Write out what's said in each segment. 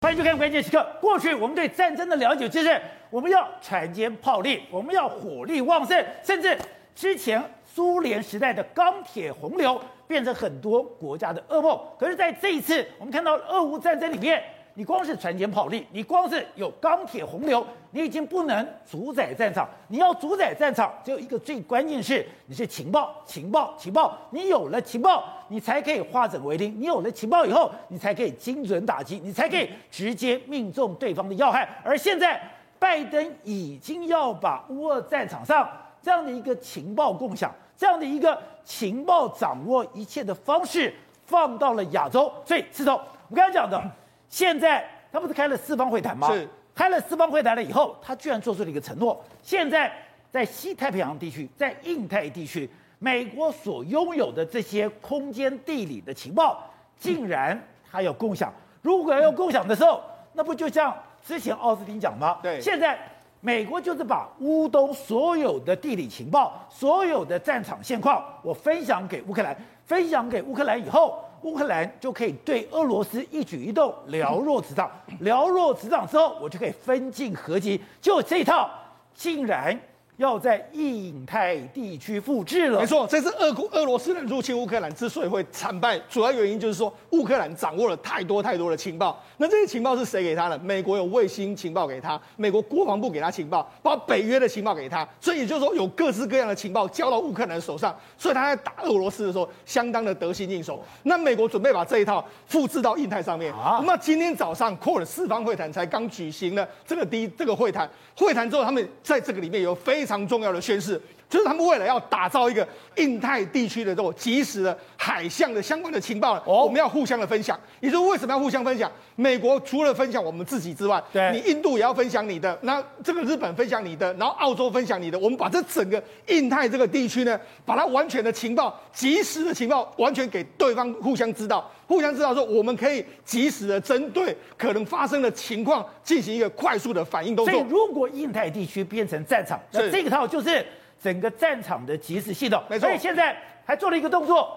歡迎收看《關鍵時刻》。過去我們對戰爭的了解，就是我們要船堅炮利，我們要火力旺盛，甚至之前蘇聯時代的鋼鐵洪流，變成很多國家的噩夢。可是，在這一次，我們看到了俄烏戰爭裡面。你光是船堅炮利，你光是有鋼鐵洪流，你已經不能主宰戰場。你要主宰戰場，只有一個最關鍵是你是情報，情報，情報。你有了情報，你才可以化整為零；你有了情報以後，你才可以精準打擊，你才可以直接命中對方的要害。而現在，拜登已經要把烏俄戰場上這樣的一個情報共享、這樣的一個情報掌握一切的方式放到了亞洲。所以，是頭，我剛才講的。現在他不是開了四方會談嗎？是，開了四方會談了以後，他居然做出了一個承諾。現在在西太平洋地區，在印太地區，美國所擁有的這些空間地理的情報，竟然他要共享。如果要共享的時候，嗯，那不就像之前奧斯汀講嗎？對，現在美國就是把烏東所有的地理情報、所有的戰場現況，我分享給烏克蘭，分享給烏克蘭以後。烏克蘭就可以對俄羅斯一舉一動了若指掌，了若指掌之後，我就可以分進合擊，就這一套，竟然。要在印太地區複製了，沒錯，這是俄國俄羅斯人入侵烏克蘭之所以會慘敗，主要原因就是說烏克蘭掌握了太多太多的情報。那這些情報是誰給他的？美國有衛星情報給他，美國國防部給他情報，把北約的情報給他，所以也就是說有各式各樣的情報交到烏克蘭手上，所以他在打俄羅斯的時候相當的得心應手。那美國準備把這一套複製到印太上面。那、啊、今天早上 Quad 四方會談才剛舉行了，這個第一這個會談，會談之後他們在這個裡面有非。非常重要的宣誓。就是他們為了要打造一個印太地區的這種即時的海象的相關的情報，我們要互相的分享。你說為什麼要互相分享？美國除了分享我們自己之外，對，你印度也要分享你的，那這個日本分享你的，然後澳洲分享你的，我們把這整個印太這個地區呢，把它完全的情報、即時的情報，完全給對方互相知道，互相知道說我們可以即時的針對可能發生的情況進行一個快速的反應動作。所以，如果印太地區變成戰場，那這個套就是。整個戰場的即時系統，所以現在還做了一個動作。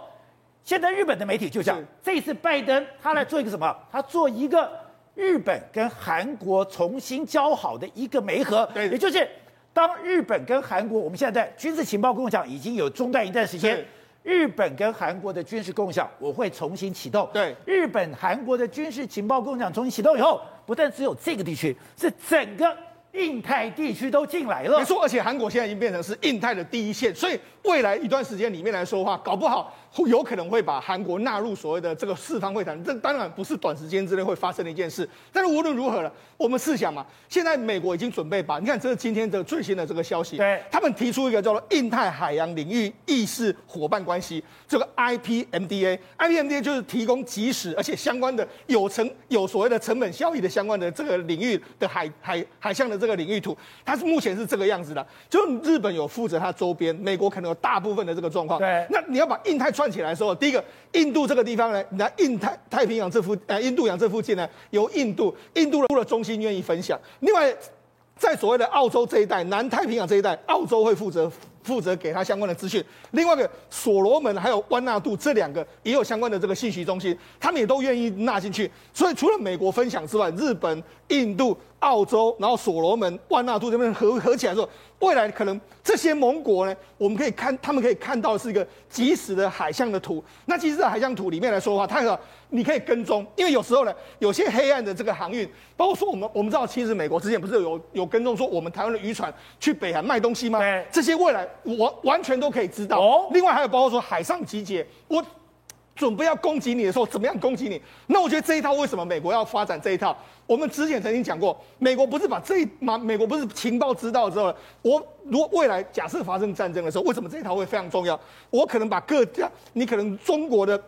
現在日本的媒體就像，這一次拜登他來做一個什麼？他做一個日本跟韓國重新交好的一個媒合。對，也就是當日本跟韓國，我們現在軍事情報共享已經有中斷一段時間，日本跟韓國的軍事共享我會重新啟動。對，日本韓國的軍事情報共享重新啟動以後，不但只有這個地區，是整個。印太地區都進來了，沒錯，而且韓國現在已經變成是印太的第一線，所以。未來一段時間裡面來說的話，搞不好會有可能會把韓國納入所謂的這個四方會談。這當然不是短時間之內會發生的一件事。但是無論如何了，我們試想嘛，現在美國已經準備把，你看這是今天的最新的這個消息。對，他們提出一個叫做印太海洋領域意識夥伴關係，這個 IPMDA。IPMDA 就是提供即時而且相關的有成有所謂的成本效益的相關的這個領域的海海海象的這個領域圖，它是目前是這個樣子的。就日本有負責它周邊，美國可能。大部分的這個狀況，對，那你要把印太串起來的時候，第一個，印度這個地方呢，那印太太平洋這附呃印度洋這附近呢，有印度印度的中心願意分享。另外，在所謂的澳洲這一帶、南太平洋這一帶，澳洲會負責負責給他相關的資訊。另外一個所羅門還有萬那杜這兩個也有相關的這個信息中心，他們也都願意納進去。所以除了美國分享之外，日本、印度。澳洲，然後索羅門、萬那杜這邊合合起來說，未來可能這些盟國呢，我們可以看他們可以看到的是一個即時的海象的圖。那其實在海象圖裡面來說的話，它可你可以跟蹤，因為有時候呢，有些黑暗的這個航運，包括說我們我們知道，其實美國之前不是有有跟蹤說我們台灣的漁船去北韓賣東西嗎？對，這些未來我完全都可以知道。哦。另外還有包括說海上集結，我準備要攻擊你的時候，怎麼樣攻擊你？那我覺得這一套為什麼美國要發展這一套？我們之前曾經講過，美國不是把這一嘛，美國不是情報知道之後的，我如果未來假設發生戰爭的時候，為什麼這一套會非常重要？我可能把各家，你可能中國的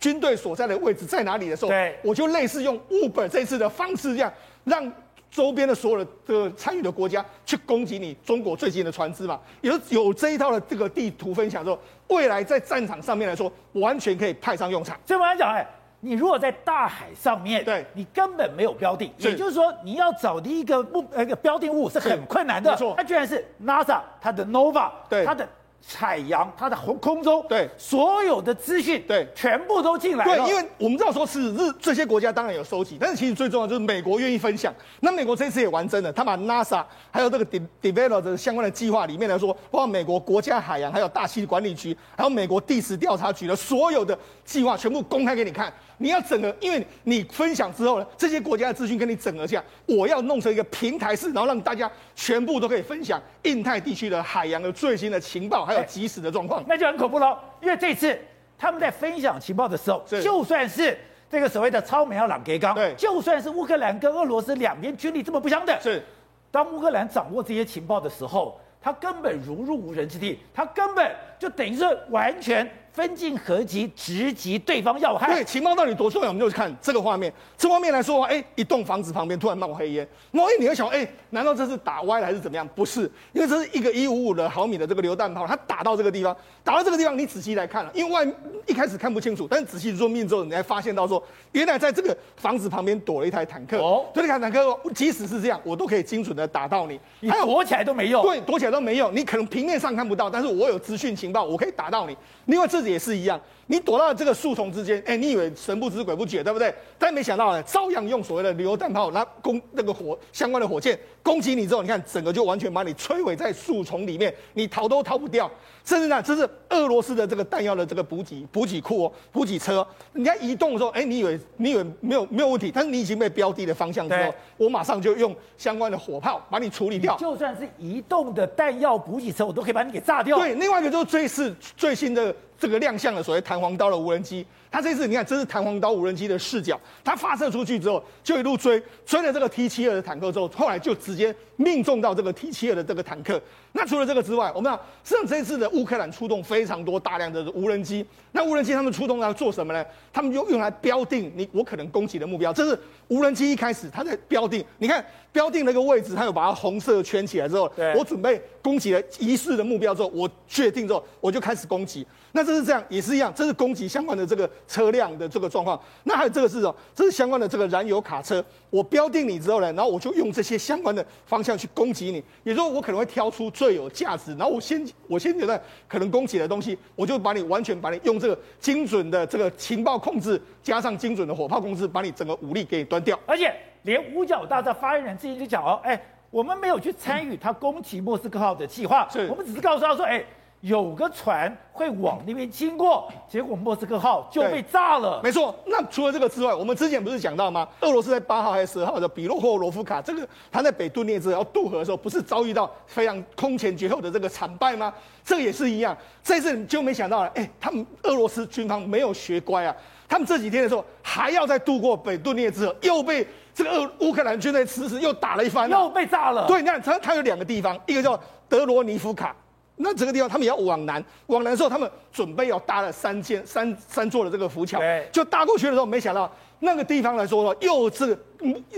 軍隊所在的位置在哪裡的時候，我就類似用 Uber 這次的方式這樣讓周邊的所有的這個參與的國家去攻擊你中國最近的船隻嘛，有有這一套的這個地圖分享之後，未來在戰場上面來說完全可以派上用場。所以我想講，哎、欸，你如果在大海上面，對，你根本沒有標定，也就是說你要找第一個目那個標定物是很困難的。沒錯，它居然是 NASA 他的 Nova，對，他的。海洋，它的空空中，對，所有的資訊，對，全部都進來了。對，因為我們知道說是日這些國家當然有收集，但是其實最重要的就是美國願意分享。那美國這次也玩真的，他把 NASA 還有這個 develop 的相關的計劃裡面來說，包括美國國家海洋還有大氣管理局，還有美國地質調查局的所有的計劃全部公開給你看。你要整合，因為你分享之後呢，這些國家的資訊跟你整合一下，我要弄成一個平台式，然後讓大家全部都可以分享印太地區的海洋的最新的情報，還有即時的狀況，那就很恐怖嘍。因為這次他們在分享情報的時候，就算是這個所謂的超美要朗格剛，對，就算是烏克蘭跟俄羅斯兩邊軍力這麼不相等，是當烏克蘭掌握這些情報的時候，他根本如入無人之地，他根本。就等於是完全分進合擊，直擊對方要害。對，情報到底多重要？我們就看這個畫面。這畫面來說，哎、欸，一棟房子旁邊突然冒黑煙。那麼、欸、你會想，哎、欸，難道這是打歪了還是怎麼樣？不是，因為這是一個一五五的毫米的這個榴彈炮，它打到這個地方，打到這個地方，你仔細來看了、啊，因為外一開始看不清楚，但是仔細琢磨之後，你才發現到說，原來在這個房子旁邊躲了一台坦克。哦，這台坦克即使是這樣，我都可以精準的打到你。你躲起來都沒用，對，躲起來都沒用。你可能平面上看不到，但是我有資訊情報我可以打到你，另外這裡也是一樣，你躲到這個樹叢之間，哎，你以為神不知鬼不覺，對不對？但沒想到呢、欸，照樣用所謂的榴彈炮來攻那個火相關的火箭攻擊你之後，你看整個就完全把你摧毀在樹叢裡面，你逃都逃不掉。甚至呢，這是俄羅斯的這個彈藥的這個補給補給庫、補給車，人家移動的時候，哎，你以為你以為沒有沒有問題，但是你已經被標的的方向之後，我馬上就用相關的火炮把你處理掉。就算是移動的彈藥補給車，我都可以把你給炸掉。對，另外一個就是。這是最新的。這個亮相的所謂彈簧刀的無人機，它這次你看，這是彈簧刀無人機的視角。它發射出去之後，就一路追，追了這個 T72 的坦克之後，後來就直接命中到這個 T72 的這個坦克。那除了這個之外，我們講，實際上這次的烏克蘭出動非常多大量的無人機。那無人機他們出動要做什麼呢？他們就用來標定你我可能攻擊的目標。這是無人機一開始它在標定，你看標定了個位置，它有把它紅色圈起來之後，我準備攻擊的疑似的目標之後，我確定之後，我就開始攻擊。那這是這樣，也是一樣，這是攻擊相關的這個車輛的這個狀況。那還有這個是什麼？這是相關的這個燃油卡車。我標定你之後呢，然後我就用這些相關的方向去攻擊你。也就是說我可能會挑出最有價值，然後我先我先覺得可能攻擊的東西，我就把你完全把你用這個精準的這個情報控制，加上精準的火炮控制，把你整個武力給你端掉。而且，連五角大廈的發言人自己就講哦，哎、欸，我們沒有去參與他攻擊莫斯科號的計劃、嗯，我們只是告訴他說，哎、欸。有個船會往那邊經過，結果莫斯科號就被炸了。沒錯，那除了這個之外，我們之前不是講到嗎？俄羅斯在八號還是十號的比洛霍羅夫卡，這個他在北頓涅茨要渡河的時候，不是遭遇到非常空前絕後的這個慘敗嗎？這個也是一樣，在這次你就沒想到了，哎、欸，他們俄羅斯軍方沒有學乖啊，他們這幾天的時候還要再渡過北頓涅茨河，又被這個烏克蘭軍隊此時又打了一番、啊，又被炸了。對，你看，它它有兩個地方，一個叫德羅尼夫卡。那這個地方，他們也要往南，往南的時候，他們準備要搭了三間、三三座的這個浮橋，就搭過去的時候，沒想到。那個地方來說的話，又是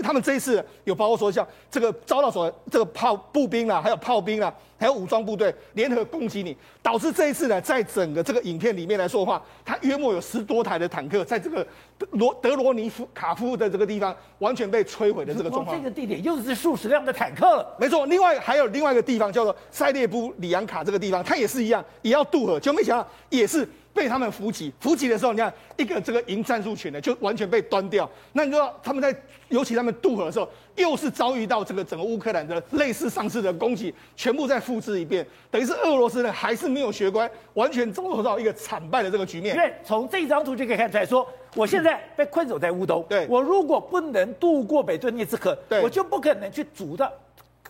他們這一次有包括說像這個遭到說這個炮步兵啊，還有炮兵啊，還有武裝部隊聯合攻擊你，導致這一次呢，在整個這個影片裡面來說的話，他約莫有十多台的坦克在這個羅德羅尼夫卡夫的這個地方完全被摧毀的這個狀況。這個地點又是數十輛的坦克，沒錯。另外還有另外一個地方叫做塞列布里昂卡這個地方，它也是一樣，也要渡河，就沒想到也是。被他們伏擊，伏擊的時候，你看一個這個營戰術群呢，就完全被端掉。那你說他們在，尤其他們渡河的時候，又是遭遇到這個整個烏克蘭的類似上次的攻擊，全部再複製一遍。等於是俄羅斯呢還是沒有學乖，完全遭受到一個慘敗的這個局面。對，從這張圖就可以看出來說，我現在被困守在烏東、嗯對。對，我如果不能渡過北頓涅茨河，我就不可能去阻的。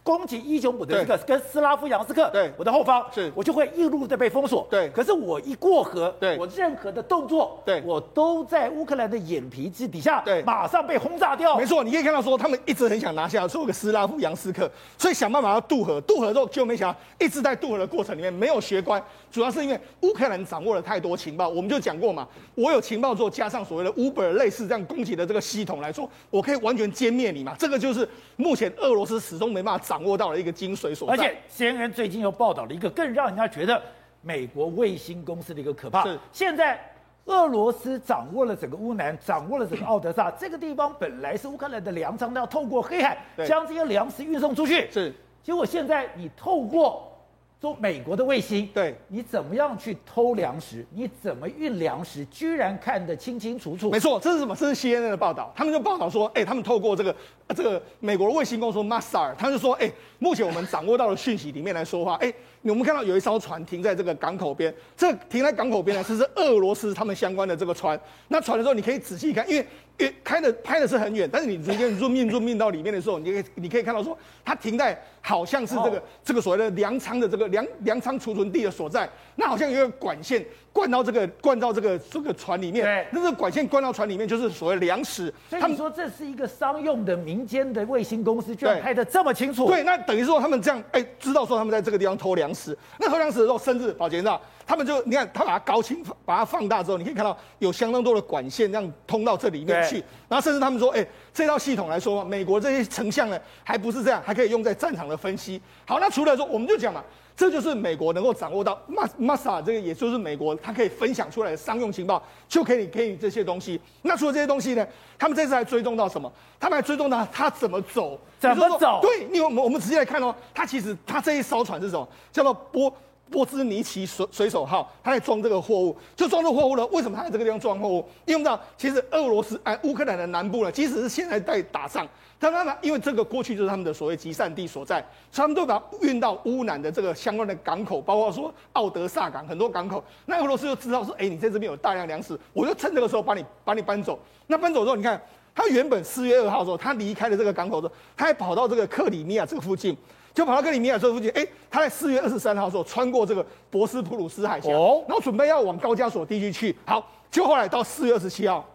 攻擊伊久姆的一個跟斯拉夫楊斯克對，對，我的後方，我就會一路的被封鎖。對，可是我一過河，對，我任何的動作，對，我都在烏克蘭的眼皮子底下，對，馬上被轟炸掉。沒錯，你可以看到說，他們一直很想拿下做個斯拉夫楊斯克，所以想辦法要渡河。渡河之後，就沒想到一直在渡河的過程裡面沒有學乖，主要是因為烏克蘭掌握了太多情報。我們就講過嘛，我有情報之後，加上所謂的 Uber 類似這樣攻擊的這個系統來說，我可以完全殲滅你嘛。這個就是目前俄羅斯始終沒辦法掌。掌握到了一個精髓所在，而且 CNN 最近又報道了一個更讓人家覺得美國衛星公司的一個可怕。是，現在俄羅斯掌握了整個烏南，掌握了整個奧德薩、嗯、這個地方，本來是烏克蘭的糧倉，都要透過黑海將這些糧食運送出去。是，結果現在你透過。嗯做美國的衛星，對你怎麼樣去偷糧食？你怎麼運糧食？居然看得清清楚楚。沒錯，這是什麼？這是 CNN 的報道。他們就報道說，哎、欸，他們透過這個、啊、這個美國的衛星公司 Massar，他們就說，哎、欸，目前我們掌握到的訊息裡面來說話，哎、欸，我們看到有一艘船停在這個港口邊，這個、停在港口邊呢，是是俄羅斯他們相關的這個船。那船的時候，你可以仔細看因為，因為開的拍的是很遠，但是你直接 zoom in zoom in 到裡面的時候，你可以你可以看到說，它停在。好像是這個這個所謂的糧倉的這個糧糧倉儲存地的所在，那好像有一個管線。灌到這個，灌到這個這個船裡面，對，那這個管線灌到船裡面，就是所謂糧食。所以你說這是一個商用的民間的衛星公司，居然拍得這麼清楚。對，那等於說他們這樣，哎、欸，知道說他們在這個地方偷糧食。那偷糧食的時候，甚至保潔知道，他們就你看，他把它高清，把它放大之後，你可以看到有相當多的管線這樣通到這裡面去。然後甚至他們說，哎、欸，這套系統來說嘛，美國這些成像呢，還不是這樣，還可以用在戰場的分析。好，那除了說，我們就講嘛，這就是美國能夠掌握到 NASA 這個，也就是美國。他可以分享出來的商用情報，就可以給你這些東西。那除了這些東西呢，他們這次還追蹤到什麼？他們還追蹤到他怎麼走？怎麼走？說說對，你我們我們直接來看哦。他其實他這一艘船是什麼？叫做波波茲尼奇水水手號，他在裝這個貨物，就裝這貨物呢，為什麼他在這個地方裝貨物？因為我們知道，其實俄羅斯哎，烏克蘭的南部呢，即使是現在在打仗。當然啦，因為這個過去就是他們的所謂集散地所在，所以他們都把運到烏南的這個相關的港口，包括說奧德薩港很多港口。那俄羅斯就知道說，哎、欸，你在這邊有大量糧食，我就趁這個時候把你把你搬走。那搬走之後，你看他原本四月二號的時候，他離開了這個港口的時候，他還跑到這個克里米亞這個附近，就跑到克里米亞這個附近。哎、欸，他在四月二十三號的時候穿過這個博斯普魯斯海峽，哦，然後準備要往高加索地區去。好，就後來到四月二十七號。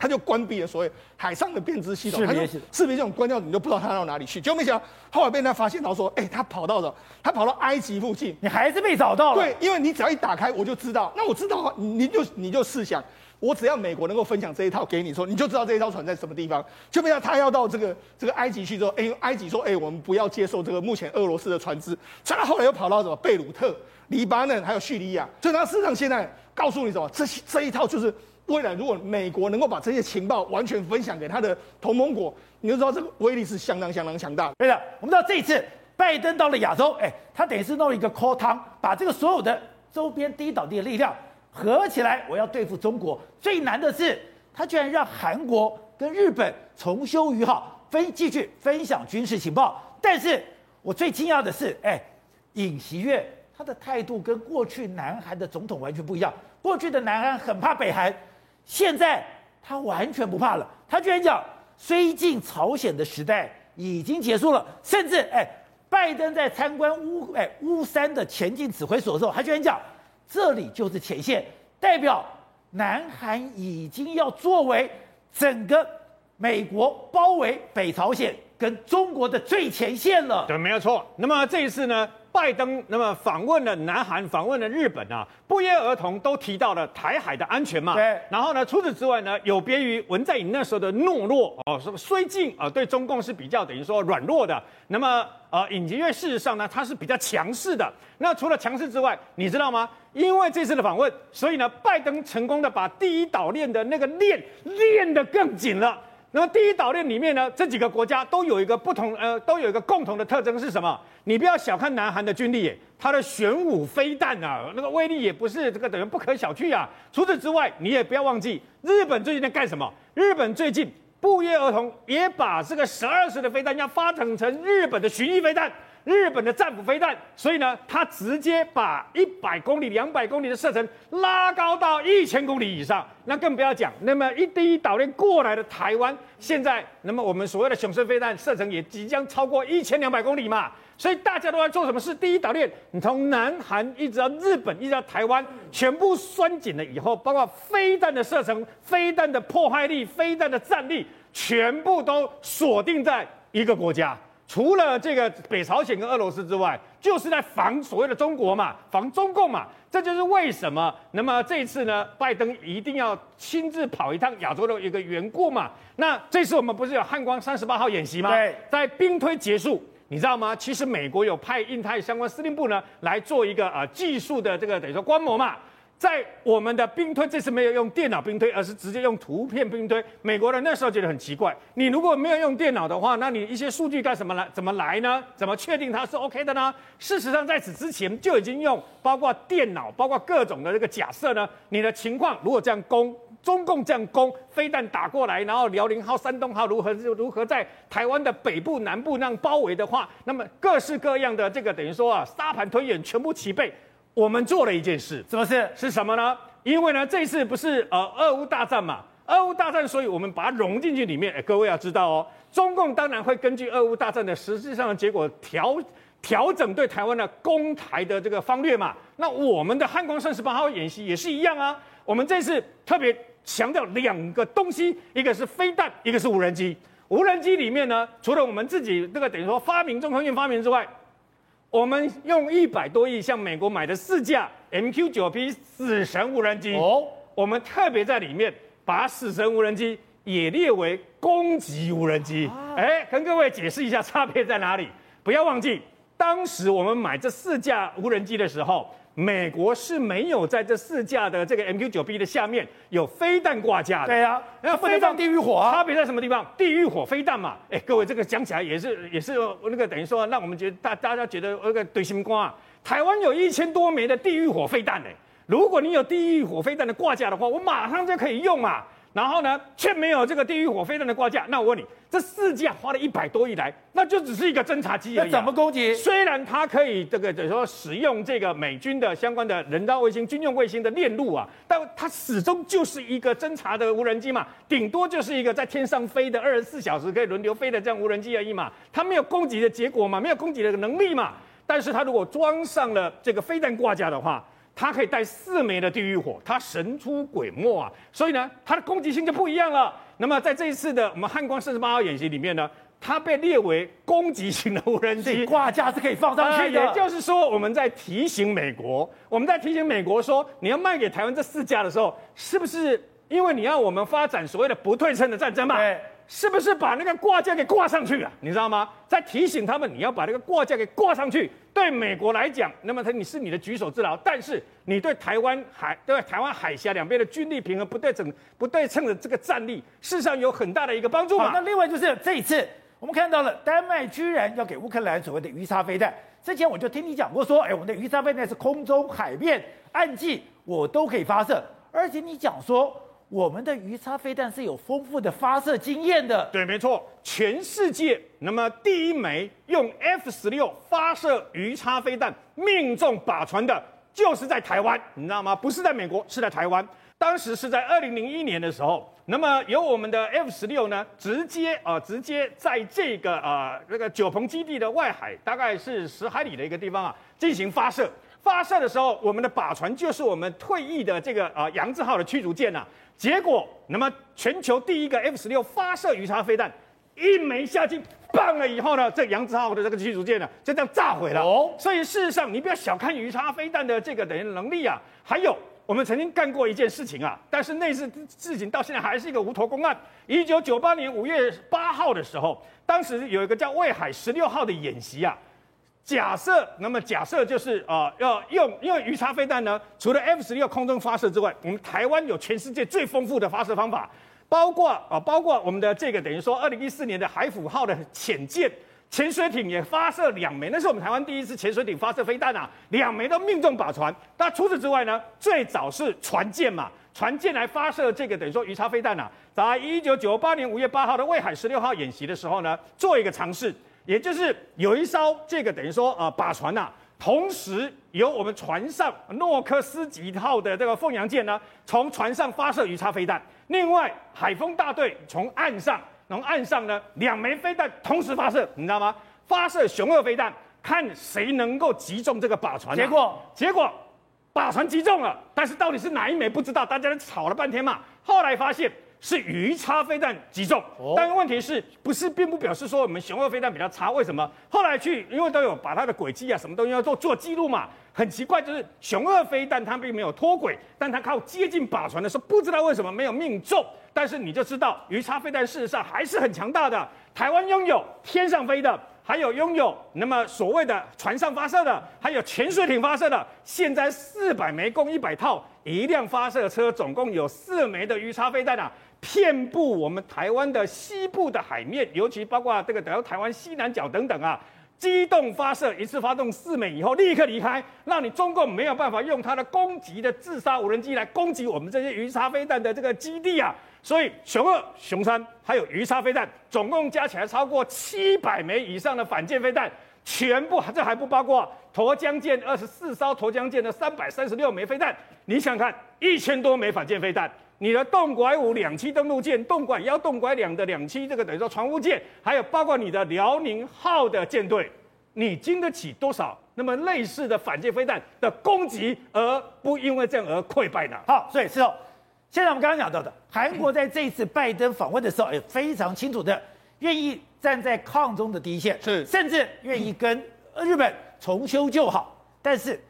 他就關閉了所謂海上的辨識系統是，他就，視頻這種關掉，你就不知道他到哪裡去。結果沒想到，後來被他發現到說，哎、欸，他跑到什麼？他跑到埃及附近，你還是被找到了。對，因為你只要一打開，我就知道。那我知道，你就你就試想，我只要美國能夠分享這一套給你說，說你就知道這一艘船在什麼地方。就沒想到他要到這個這個埃及去之後，哎、欸，埃及說，哎、欸，我們不要接受這個目前俄羅斯的船只。他後來又跑到什麼貝魯特、黎巴嫩還有敘利亞，所以他事實上現在告訴你什麼？這這一套就是。未來，如果美國能夠把這些情報完全分享給他的同盟國，你就知道這個威力是相當相當強大的。對了，我們知道這一次拜登到了亞洲，哎、欸，他等於是弄一個 call time，把這個所有的周邊低倒地的力量合起來，我要對付中國。最難的是，他居然讓韓國跟日本重修於好，分繼續分享軍事情報。但是我最驚訝的是，哎、欸，尹錫悅他的態度跟過去南韓的總統完全不一樣，過去的南韓很怕北韓。現在他完全不怕了，他居然講，綏靖朝鮮的時代已經結束了。甚至，哎，拜登在參觀烏，哎，烏山的前進指揮所的時候，他居然講，這裡就是前線，代表南韓已經要作為整個美國包圍北朝鮮跟中國的最前線了。對，沒有錯。那麼這一次呢？拜登那麼訪問了南韓，訪問了日本啊，不約而同都提到了台海的安全嘛。對。然後呢，除此之外呢，有別於文在寅那時候的懦弱哦，說綏靖啊，對中共是比較等於說軟弱的。那麼呃，尹錫悅事實上呢，他是比較強勢的。那除了強勢之外，你知道嗎？因為這次的訪問，所以呢，拜登成功的把第一島鏈的那個鏈鏈得更緊了。那麼第一島鏈裡面呢，這幾個國家都有一個不同，呃，都有一個共同的特徵是什麼？你不要小看南韓的軍力耶，它的玄武飛彈啊，那個威力也不是這個等於不可小覷啊。除此之外，你也不要忘記，日本最近在幹什麼？日本最近不約而同也把這個十二式的飛彈要發展成成日本的巡弋飛彈。日本的戰斧飛彈，所以呢，它直接把一百公里、兩百公里的射程拉高到一千公里以上，那更不要講。那麼，一第一島鏈過來的台灣，現在，那麼我們所謂的雄昇飛彈射程也即將超過一千兩百公里嘛？所以大家都在做什麼事？第一島鏈，你從南韓一直到日本一直到台灣，全部拴緊了以後，包括飛彈的射程、飛彈的破壞力、飛彈的戰力，全部都鎖定在一個國家。除了這個北朝鮮跟俄羅斯之外，就是在防所謂的中國嘛，防中共嘛，這就是為什麼。那麼這一次呢，拜登一定要親自跑一趟亞洲的一個緣故嘛。那這次我們不是有漢光三十八號演習嗎？對，在兵推結束，你知道嗎？其實美國有派印太相關司令部呢，來做一個呃技術的這個等於說觀摩嘛。在我們的兵推這次沒有用電腦兵推，而是直接用圖片兵推。美國人那時候覺得很奇怪，你如果沒有用電腦的話，那你一些數據幹什麼呢？怎麼來呢？怎麼確定它是 OK 的呢？事實上，在此之前就已經用包括電腦，包括各種的這個假設呢。你的情況如果這樣攻，中共這樣攻，飛彈打過來，然後遼寧號、山東號如何如何在台灣的北部、南部那樣包圍的話，那麼各式各樣的這個等於說啊，沙盤推演全部齊備。我們做了一件事，什麼事？是什麼呢？因為呢，這次不是呃俄烏大戰嘛，俄烏大戰，所以我們把它融進去裡面。哎，各位要知道哦，中共當然會根據俄烏大戰的實際上的結果調調整對台灣的攻台的這個方略嘛。那我們的漢光三十八號演習也是一樣啊。我們這次特別強調兩個東西，一個是飛彈，一個是無人機。無人機裡面呢，除了我們自己這、那個等於說發明、中科院發明之外。我們用一百多億向美國買的四架 MQ-9B 死神無人機，哦，我們特別在裡面把死神無人機也列為攻擊無人機。哎、啊，跟各位解釋一下差別在哪裡？不要忘記，當時我們買這四架無人機的時候。美國是沒有在這四架的這個 MQ-9B 的下面有飛彈掛架的。對呀、啊，那飛彈地獄火啊，差別在什麼地方？地獄火飛彈嘛，哎、欸，各位這個講起來也是也是那個等於說，讓我們覺得大家大家覺得那個對心不光啊。台灣有一千多枚的地獄火飛彈呢、欸，如果你有地獄火飛彈的掛架的話，我馬上就可以用啊。然後呢，卻沒有這個地獄火飛彈的掛架。那我問你，這四架花了一百多億來，那就只是一個偵察機而已啊。那怎麼攻擊？雖然它可以這個等於說使用這個美軍的相關的人造衛星、軍用衛星的鏈路啊，但它始終就是一個偵察的無人機嘛，頂多就是一個在天上飛的二十四小時可以輪流飛的這樣無人機而已嘛。它沒有攻擊的結果嘛，沒有攻擊的能力嘛。但是它如果裝上了這個飛彈掛架的話，它可以帶四枚的地獄火，它神出鬼沒啊，所以呢，它的攻擊性就不一樣了。那麼在這一次的我們漢光三十八號演習裡面呢，它被列為攻擊型的無人機，掛架是可以放上去的。啊、也就是說，我們在提醒美國，我們在提醒美國說，你要賣給台灣這四架的時候，是不是因為你要我們發展所謂的不對稱的戰爭嘛？Okay. 是不是把那個掛架給掛上去了、啊？你知道嗎？在提醒他們，你要把那個掛架給掛上去。對美國來講，那麼他你是你的舉手之勞，但是你對台灣海對台灣海峽兩邊的軍力平衡不對等不對稱的這個戰力，事實上有很大的一個幫助嘛。那另外就是這一次，我們看到了丹麥居然要給烏克蘭所謂的魚叉飛彈。之前我就聽你講過說，哎，我們的魚叉飛彈是空中、海面、岸際我都可以發射，而且你講說。我們的魚叉飛彈是有豐富的發射經驗的。對，沒錯，全世界那麼第一枚用 F 十六發射魚叉飛彈命中靶船的，就是在台灣，你知道嗎？不是在美國，是在台灣。當時是在二零零一年的時候，那麼由我們的 F 十六呢，直接啊、呃，直接在這個啊，那、呃這個九鵬基地的外海，大概是十海里的一個地方啊，進行發射。發射的時候，我們的靶船就是我們退役的這個、呃、的啊，陽字號的驅逐艦吶。結果，那麼全球第一個 F 十六發射魚叉飛彈，一枚下去，爆了以後呢，這陽字號的這個驅逐艦呢、啊，就這樣炸毀了。哦，所以事實上，你不要小看魚叉飛彈的這個等於能力啊。還有，我們曾經幹過一件事情啊，但是那次事情到現在還是一個無頭公案。一九九八年五月八號的時候，當時有一個叫“魏海十六號”的演習啊。假設，那麼假設就是啊、呃，要用，因為魚叉飛彈呢，除了 F 十六空中發射之外，我們台灣有全世界最豐富的發射方法，包括啊、呃，包括我們的這個等於說，二零一四年的海虎號的潛艦、潛水艇也發射兩枚，那是我們台灣第一次潛水艇發射飛彈啊，兩枚都命中靶船。那除此之外呢，最早是船艦嘛，船艦來發射這個等於說魚叉飛彈啊，在一九九八年五月八號的衛海十六號演習的時候呢，做一個嘗試。也就是有一艘這個等於說呃靶船吶、啊，同時由我們船上諾克斯級號的這個鳳陽艦呢，從船上發射魚叉飛彈，另外海鋒大隊從岸上從岸上呢兩枚飛彈同時發射，你知道嗎？發射雄二飛彈，看誰能夠擊中這個靶船，啊。結果結果靶船擊中了，但是到底是哪一枚不知道，大家都吵了半天嘛。後來發現。是魚叉飛彈擊中，但問題是不是並不表示說我們雄二飛彈比較差？為什麼後來去？因為都有把它的軌跡啊，什麼東西都做記錄嘛。很奇怪，就是雄二飛彈它並沒有脫軌，但它靠接近靶船的時候，不知道為什麼沒有命中。但是你就知道魚叉飛彈事實上還是很強大的。台灣擁有天上飛的，還有擁有那麼所謂的船上發射的，還有潛水艇發射的。現在四百枚，共一百套，一輛發射的車總共有四枚的魚叉飛彈啊。遍佈我們台灣的西部的海面，尤其包括這個台灣西南角等等啊，機動發射一次發動四枚以後立刻離開，讓你中共沒有辦法用它的攻擊的自殺無人機來攻擊我們這些魚叉飛彈的這個基地啊。所以雄，雄二、雄三還有魚叉飛彈，總共加起來超過七百枚以上的反艦飛彈，全部這還不包括沱江艦二十四艘沱江艦的三百三十六枚飛彈。你想看一千多枚反艦飛彈。你的洞5 “洞拐五”兩棲登陸艦、“洞拐幺”、“洞拐兩”的兩棲這個等於說船塢艦，還有包括你的“遼寧號”的艦隊，你經得起多少那麼類似的反艦飛彈的攻擊而不因為這樣而潰敗呢、啊？好，所以是哦。現在我們剛剛講到的，韓國在這一次拜登訪問的時候也非常清楚的，願意站在抗中的第一線，是甚至願意跟日本重修舊好，但是。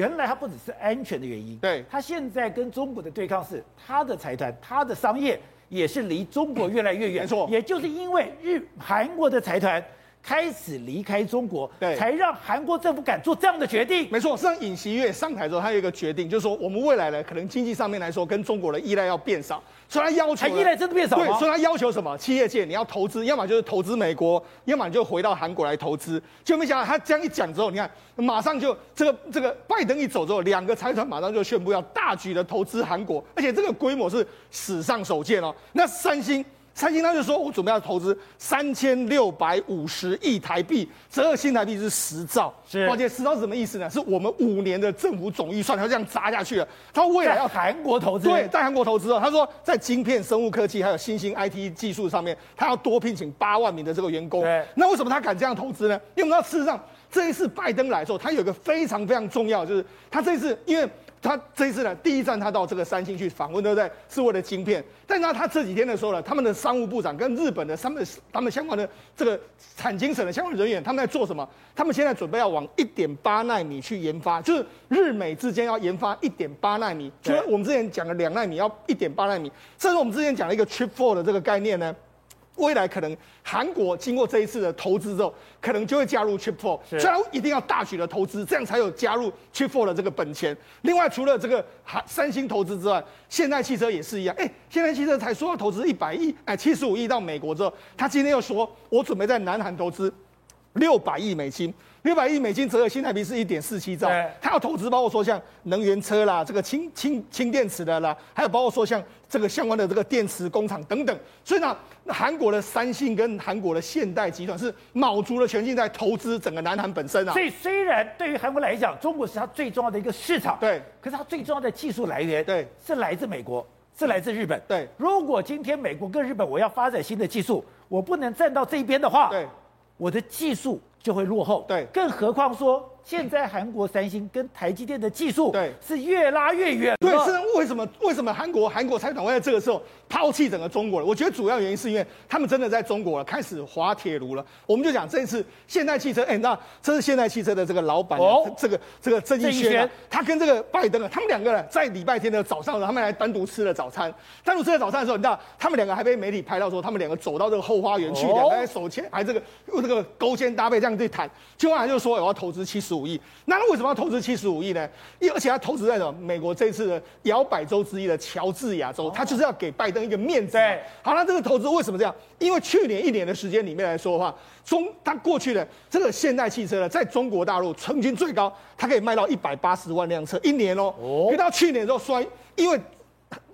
原來他不只是安全的原因，對，他現在跟中國的對抗是他的財團、他的商業也是離中國越來越遠。沒錯，也就是因為日韓國的財團開始離開中國，對才讓韓國政府敢做這樣的決定。沒錯，上尹錫悅上台之後，他有一個決定，就是說我們未來呢，可能經濟上面來說跟中國的依賴要變少。所以他要求依賴真的變少，對，所以他要求什麼，企業界你要投資，要麼就是投資美國，要麼你就回到韓國來投資。就沒想到他這樣一講之後，你看，馬上就這個這個拜登一走之後，兩個財團馬上就宣布要大舉的投資韓國，而且這個規模是史上首見哦。那三星。蔡京他就說：“我準備要投資三千六百五十億台幣，折合新台幣是十兆，是，而且十兆是什麼意思呢？是我們五年的政府總預算，他這樣砸下去了。他未來要韓國投資，對，在韓國投資啊。他說在晶片、生物科技還有新興 IT 技術上面，他要多聘請八萬名的這個員工。那為什麼他敢這樣投資呢？因為事實上這一次拜登來的時候，他有一個非常非常重要，就是他這一次因為。”他這一次呢，第一站他到這個三星去訪問，對不對？是為了晶片。但是他這幾天的時候呢，他們的商務部長跟日本的他們他們相關的這個產經省的相關的人員，他們在做什麼？他們現在準備要往一點八納米去研發，就是日美之間要研發一點八納米，所以我們之前講的兩納米要一點八納米，甚至我們之前講了一個 Chip 4的這個概念呢。未來可能韓國經過這一次的投資之後，可能就會加入 Chip4。雖然一定要大舉的投資，這樣才有加入 Chip4 的這個本錢。另外，除了這個韓三星投資之外，現代汽車也是一樣。哎，現代汽車才說要投資一百億，哎，七十五億到美國之後，他今天又說，我準備在南韓投資六百億美金。六百億美金折合新台幣是一點四七兆，他、欸、要投資，包括說像能源車啦，這個氫氫氫電池的啦，還有包括說像這個相關的這個電池工廠等等。所以呢，韓國的三星跟韓國的現代集團是卯足了全勁在投資整個南韓本身啊。所以雖然對於韓國來講，中國是它最重要的一個市場，對，可是它最重要的技術來源，對，是來自美國，是來自日本。對，如果今天美國跟日本我要發展新的技術，我不能站到這一邊的話，對，我的技術。就會落後，對，更何況說。現在韓國三星跟台積電的技術，對是越拉越遠，對，是為什麼？為什麼韓國韓國財團會在這個時候拋棄整個中國？我覺得主要原因是因為他們真的在中國了，開始滑鐵盧了。我們就講這一次現代汽車，哎、欸，那這是現代汽車的這個老闆、啊，哦這，這個這個鄭義宣。他跟這個拜登啊，他們兩個呢在禮拜天的早上呢，他們來單獨吃了早餐。單獨吃了早餐的時候，你知道他們兩個還被媒體拍到說，他們兩個走到這個後花園去，哦、兩個人手牽，還這個用這個勾肩搭背這樣去談。接下來就說、哎、我要投資七十。十五億，那他為什麼要投資七十五億呢？因而且他投資在什麼？美國這次的搖擺州之一的喬治亞州、哦，他就是要給拜登一個面子。對，好，那這個投資為什麼這樣？因為去年一年的時間裡面來說的話，中他過去的這個現代汽車呢，在中國大陸曾經最高，他可以賣到一百八十萬輛車一年哦、喔。哦，因為到去年之後摔，因為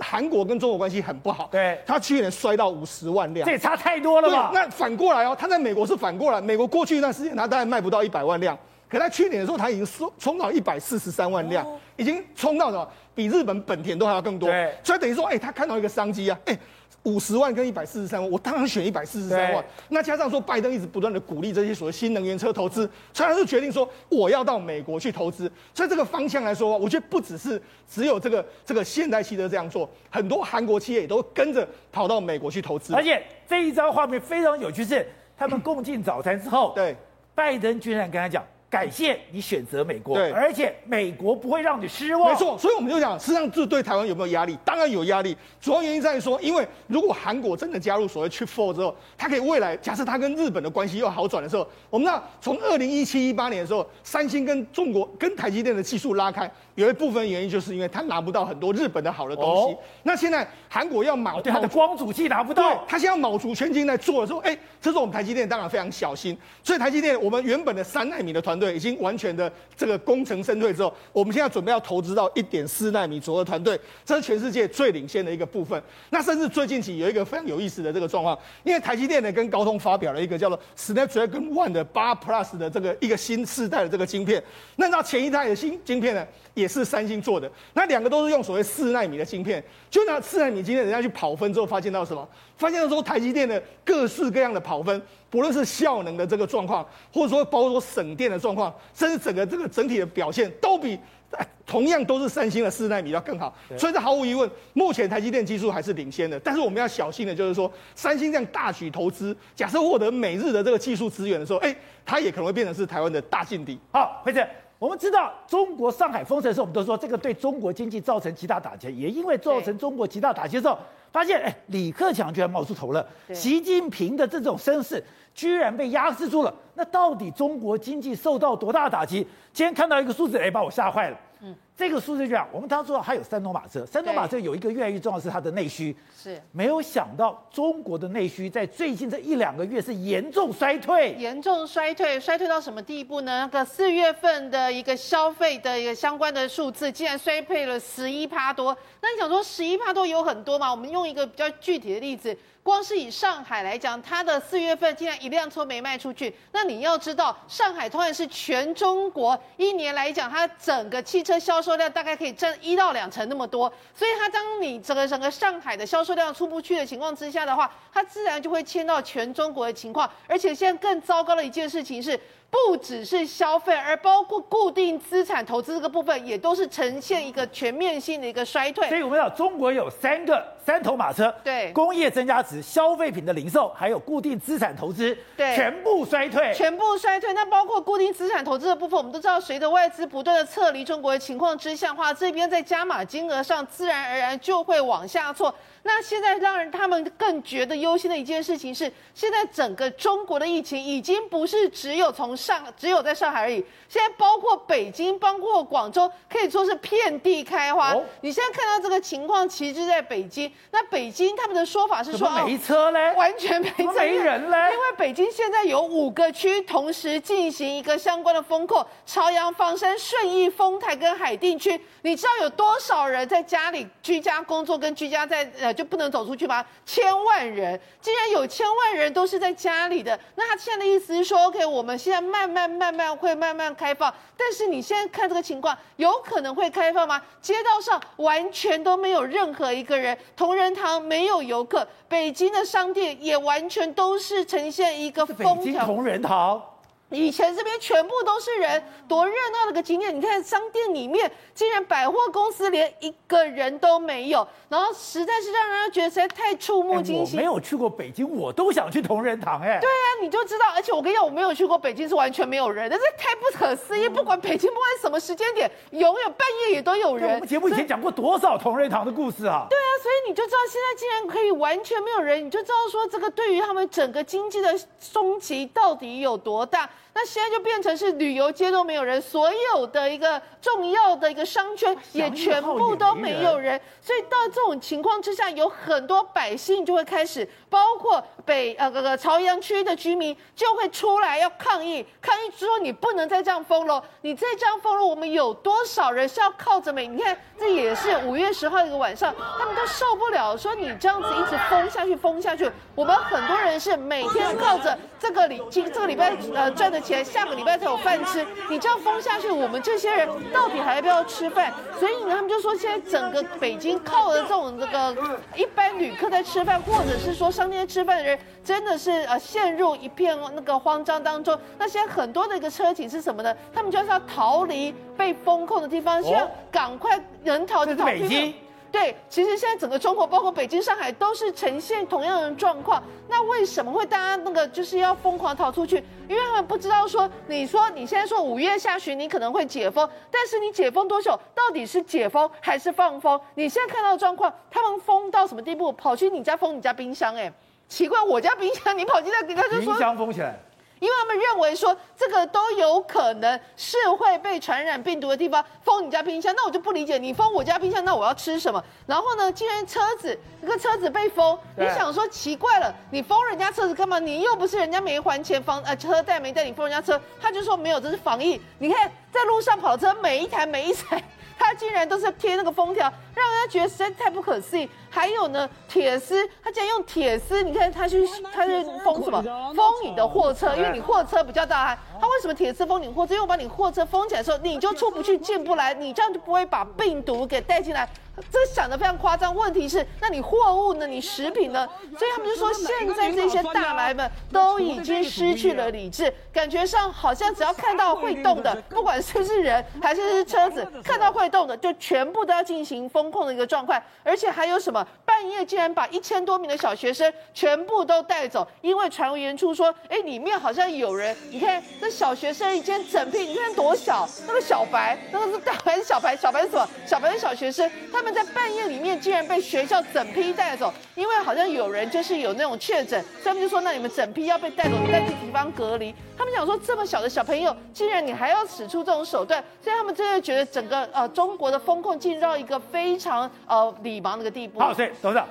韓國跟中國關係很不好。對，他去年摔到五十萬輛，這也差太多了嘛、啊。那反過來哦、喔，他在美國是反過來，美國過去一段時間他當然賣不到一百萬輛。可他去年的時候，他已經衝衝到一百四十三萬輛，哦、已經衝到了比日本本田都還要更多。對，所以等於說，哎、欸，他看到一個商機啊！哎、欸，五十萬跟一百四十三萬，我當然選一百四十三萬。那加上說，拜登一直不斷的鼓勵這些所謂新能源車投資，雖然是決定說，我要到美國去投資。所以這個方向來說，我覺得不只是只有這個這個現代汽車這樣做，很多韓國企業也都跟着跑到美國去投資。而且這一張畫面非常有趣是，是他們共進早餐之後， 對，拜登居然跟他講。感謝你選擇美國，對，而且美國不會讓你失望。沒錯，所以我們就講，實際上這對台灣有沒有壓力？當然有壓力。主要原因在於說，因為如果韓國真的加入所謂 Chip Four 之後，他可以未來假設他跟日本的關係又好轉的時候，我們知道從二零一七一八年的時候，三星跟中國跟台積電的技術拉開，有一部分原因就是因為他拿不到很多日本的好的東西。哦、那現在韓國要卯，哦、對它的光阻劑拿不到，對。他現在卯足全勁來做的時候，哎，這是我們台積電當然非常小心。所以台積電我們原本的三奈米的團隊。已經完全的這個功成身退之後，我們現在準備要投資到一點四納米左右的團隊，這是全世界最領先的一個部分。那甚至最近期有一個非常有意思的這個狀況，因為台積電呢跟高通發表了一個叫做 Snapdragon One 的八 Plus 的這個一個新世代的這個晶片。那那前一代的新晶片呢，也是三星做的。那兩個都是用所謂四納米的晶片。就那四納米，今天人家去跑分之後發現到什麼？發現說，台積電的各式各樣的跑分，不論是效能的這個狀況，或者說包括說省電的狀況，甚至整個這個整體的表現，都比、哎、同樣都是三星的四奈米要更好。所以這毫無疑問，目前台積電技術還是領先的。但是我們要小心的，就是說，三星這樣大舉投資，假設獲得美日的這個技術資源的時候，哎、欸，它也可能會變成是台灣的大勁敵。好，回哲。我們知道中國上海封城的時候，我們都說這個對中國經濟造成極大打擊。也因為造成中國極大打擊的時候，發現哎，李克強居然冒出頭了，習近平的這種聲勢居然被壓制住了。那到底中國經濟受到多大打擊？今天看到一個數字，哎，把我嚇壞了。嗯。這個數字是這樣，我們他說還有三頭馬車，三頭馬車有一個越來越重要的是它的內需，是沒有想到中國的內需在最近這一兩個月是嚴重衰退，嚴重衰退，衰退到什麼地步呢？那個四月份的一個消費的一個相關的數字，竟然衰退了十一趴多。那你想說十一趴多有很多嗎？我們用一個比較具體的例子，光是以上海來講，它的四月份竟然一輛車沒賣出去。那你要知道，上海突然是全中國一年來講，它整個汽車銷售。銷售量大概可以佔一到兩成那麼多，所以它，當你整個整個上海的銷售量出不去的情況之下的話，它自然就會遷到全中國的情況，而且現在更糟糕的一件事情是。不只是消費，而包括固定資產投資這個部分，也都是呈現一個全面性的一個衰退。所以我們知道中國有三個三頭馬車，對，工業增加值、消費品的零售，還有固定資產投資，對，全部衰退，全部衰退。那包括固定資產投資的部分，我們都知道，隨着外資不斷的撤離中國的情況之下的話，話這邊在加碼金額上，自然而然就會往下挫。那現在讓人，他們更覺得憂心的一件事情是，現在整個中國的疫情已經不是只有從上，只有在上海而已。現在包括北京，包括廣州，可以說是遍地開花。哦、你現在看到這個情況，其實在北京，那北京他們的說法是說沒車嘞、哦，完全沒車沒人嘞，因為北京現在有五個區同時進行一個相關的封控，朝陽、房山、順義、豐台跟海澱區。你知道有多少人在家裡居家工作跟居家在呃？就不能走出去嗎？千萬人，既然有千萬人都是在家裡的，那他現在的意思是說，OK，我們現在慢慢慢慢會慢慢開放，但是你現在看這個情況，有可能會開放嗎？街道上完全都沒有任何一個人，同仁堂沒有游客，北京的商店也完全都是呈現一個風景，北京同仁堂。以前這邊全部都是人，多熱鬧的個經驗。你看商店裡面，竟然百貨公司連一個人都沒有，然後實在是讓人覺得實在太觸目驚心，欸。我沒有去過北京，我都想去同仁堂哎，欸。對啊，你就知道，而且我跟你講，我沒有去過北京，是完全沒有人，但是太不可思議。不管北京，不管什麼時間點，永遠半夜也都有人。欸、我們節目以前講過多少同仁堂的故事啊？對啊。所以你就知道，現在竟然可以完全沒有人，你就知道說這個對於他們整個經濟的衝擊到底有多大。那現在就變成是旅遊街都沒有人，所有的一個重要的一個商圈也全部都沒有人。所以到這種情況之下，有很多百姓就會開始，包括。北呃，這個朝陽區的居民就會出來要抗議，抗議之後你不能再這樣封了，你再這樣封了，我們有多少人是要靠着每？你看，這也是五月十號一個晚上，他們都受不了，說你這樣子一直封下去，封下去，我們很多人是每天靠着這個禮今這個禮拜呃賺的錢，下個禮拜才有飯吃。你這樣封下去，我們這些人到底還要不要吃飯？所以呢，他們就說，現在整個北京靠着這種這個一般旅客在吃飯，或者是說商店吃飯的人。真的是呃，陷入一片那個慌張當中。那現在很多的一個車企是什麼呢？他們就是要逃離被封控的地方，要趕快人逃逃。這是北京。對，其實現在整個中國，包括北京、上海，都是呈現同樣的狀況。那為什麼會大家那個就是要瘋狂逃出去？因為他們不知道說，你說你現在說五月下旬你可能會解封，但是你解封多久？到底是解封還是放風？你現在看到的狀況，他們封到什麼地步？跑去你家封你家冰箱、欸，哎。奇怪，我家冰箱你跑進來，他就說冰箱封起來，因為他們認為說這個都有可能是會被傳染病毒的地方，封你家冰箱。那我就不理解，你封我家冰箱，那我要吃什麼？然後呢，既然車子一個車子被封，你想說奇怪了，你封人家車子幹嘛？你又不是人家沒還錢，房呃車貸沒貸，你封人家車，他就說沒有，這是防疫。你看在路上跑車，每一台每一台，他竟然都是貼那個封條，讓人家覺得實在太不可思議。還有呢，鐵絲，他竟然用鐵絲，你看他去，他去封什麼？封你的貨車，因為你貨車比較大，他為什麼鐵絲封你貨車？因為把你貨車封起來的時候，你就出不去、進不來，你這樣就不會把病毒給帶進來。這想得非常誇張。問題是，那你貨物呢？你食品呢？所以他們就說，現在這些大白們都已經失去了理智，感覺上好像只要看到會動的，不管是不是人還是是車子，看到會動的就全部都要進行封控的一個狀況。而且還有什麼？半夜竟然把一千多名的小學生全部都帶走，因為傳聞傳出說，哎，裡面好像有人。你看這小學生一間整片，你看多小，那個小白，那個是大白，小白，小白是什麼？小白是小學生，他。他們在半夜裡面竟然被學校整批帶走，因為好像有人就是有那種確診，所以他們就說，那你們整批要被帶走，你再去地方隔離。他們講說這麼小的小朋友，竟然你還要使出這種手段，所以他們真的覺得整個呃中國的風控進入到一個非常呃禮邊那個地步。好，所以董事長，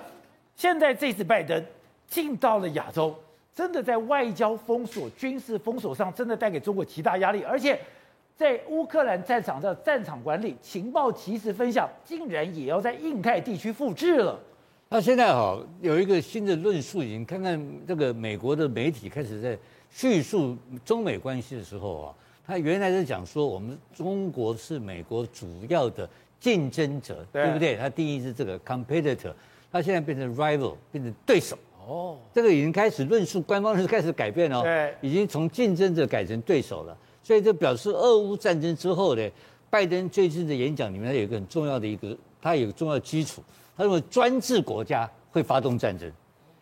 現在這次拜登進到了亞洲，真的在外交封鎖、軍事封鎖上真的帶給中國極大壓力，而且。在烏克蘭戰場上，戰場管理、情報及時分享，竟然也要在印太地區複製了。那現在哈、哦、有一個新的論述，已經看看這個美國的媒體開始在敘述中美關係的時候啊、哦，他原來在講說我們中國是美國主要的競爭者，對，對不對？他定義是這個 competitor，他現在變成 rival，變成對手。哦，這個已經開始論述官方是開始改變了、哦，已經從競爭者改成對手了。所以這表示俄烏戰爭之後呢，拜登最近的演講裡面有一個很重要的一個，他有一個重要基礎，他認為專制國家會發動戰爭，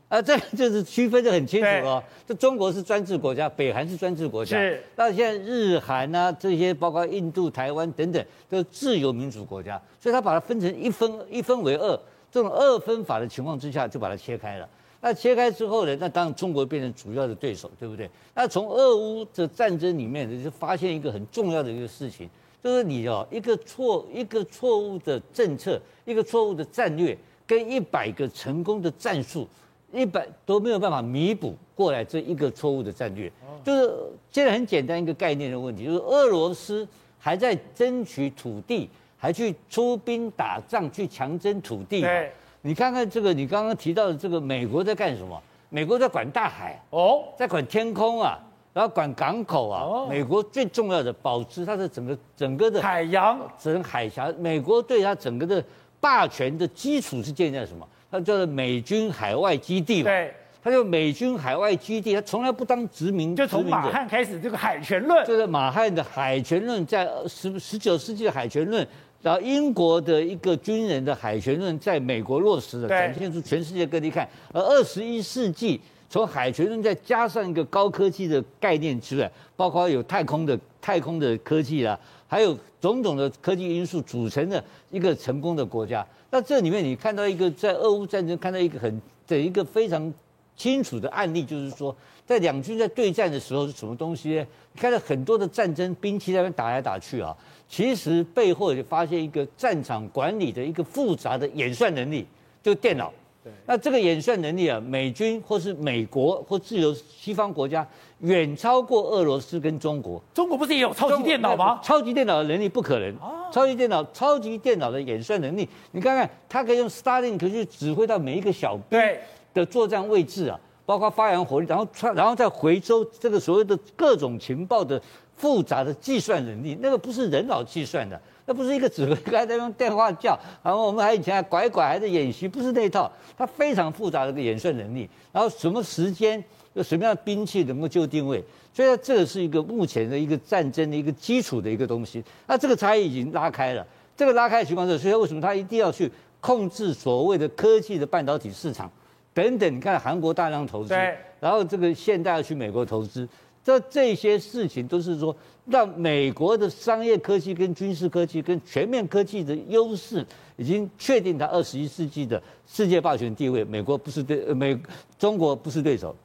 啊，這個就是區分得很清楚了。這中國是專制國家，北韓是專制國家，那現在日韓啊這些，包括印度、台灣等等，都是自由民主國家，所以他把它分成一分一分為二，這種二分法的情況之下，就把它切開了。那切開之後呢？那當然中國變成主要的對手，對不對？那從俄烏的戰爭裡面呢，就發現一個很重要的一個事情，就是你哦、喔，一個錯，一個錯誤的政策，一個錯誤的戰略，跟一百個成功的戰術，一百都沒有辦法彌補過來這一個錯誤的戰略。就是現在很簡單一個概念的問題，就是俄羅斯還在爭取土地，還去出兵打仗，去強徵土地、喔。你看看這個，你剛剛提到的這個，美國在幹什麼？美國在管大海哦，oh. 在管天空啊，然後管港口啊。Oh. 美國最重要的保持它的整個整個的海洋、整海峽。美國對它整個的霸權的基礎是建立在什麼？它叫做美軍海外基地嘛。對，它叫美軍海外基地，它從來不當殖民。就從馬漢開始，這個海權論。就是馬漢的海權論，在十十九世紀的海權論。然後英國的一個軍人的海權論在美國落實了，展現出全世界各地看。而二十一世紀，從海權論再加上一個高科技的概念之外，包括有太空的太空的科技啦、啊，還有種種的科技因素組成的一個成功的國家。那這裡面你看到一個在俄烏戰爭看到一個很的一個非常清楚的案例，就是說在兩軍在對戰的時候是什麼東西呢？你看到很多的戰爭兵器在那邊打來打去啊。其實背後就發現一個戰場管理的一個複雜的演算能力，就電腦。對，那這個演算能力啊，美軍或是美國或自由西方國家，遠超過俄羅斯跟中國。中國不是也有超級電腦嗎？超級電腦的能力不可能。啊，超級電腦，超級電腦的演算能力，你看看，它可以用 Starlink 去指揮到每一個小兵的作戰位置啊。包括發揚火力，然後穿，然後再回收這個所謂的各種情報的複雜的計算能力，那個不是人腦計算的，那不是一個指揮官在用電話叫，然後我們還以前還拐拐還在演習，不是那一套，它非常複雜的一個演算能力，然後什麼時間，有什麼樣的兵器能夠就定位，所以這個是一個目前的一個戰爭的一個基礎的一個東西，那這個差異已經拉開了，這個拉開的情況是，所以為什麼他一定要去控制所謂的科技的半導體市場？等等，你看韓國大量投資，對，然後這個現代要去美國投資，這這些事情都是說，讓美國的商業科技跟軍事科技跟全面科技的優勢，已經確定它二十一世紀的世界霸權地位。美國不是對，呃，美中國不是對手。